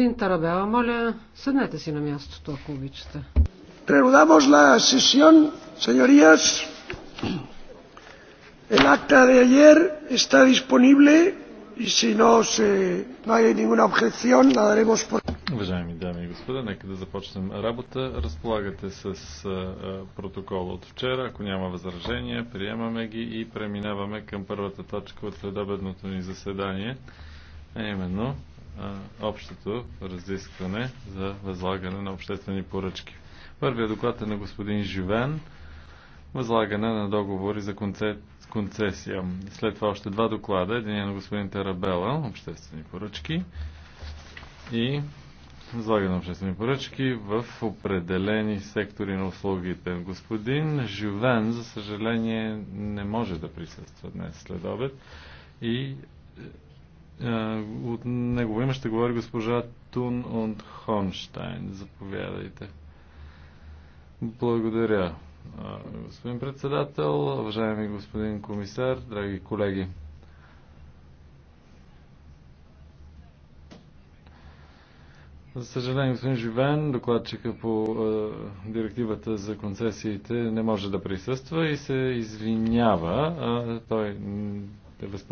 Господин Тарабела, моля, седнете си на мястото, ако обичате. Преводамос ла сесион, señorías. El acta de ayer está disponible y si no, se, no hay ninguna objeción, la daremos por... Уважаеми дами и господа, нека да започнем работа. Разполагате с протокола от вчера. Ако няма възражения, приемаме ги и преминаваме към първата точка от следобедното ни заседание, а именно общото разискване за възлагане на обществени поръчки. Първият доклад е на господин Живен. Възлагане на договори за концесия. След това още два доклада. Един е на господин Терабела. обществени поръчки. И възлагане на обществени поръчки в определени сектори на услугите. Господин Живен, за съжаление, не може да присъства днес след обед. И е, от негово име ще говори госпожа Тун от Хонштайн. Заповядайте. Благодаря. Е, господин председател, уважаеми господин комисар, драги колеги. За съжаление, господин Живен, докладчика по е, директивата за концесиите, не може да присъства и се извинява. Е, той е възпитан.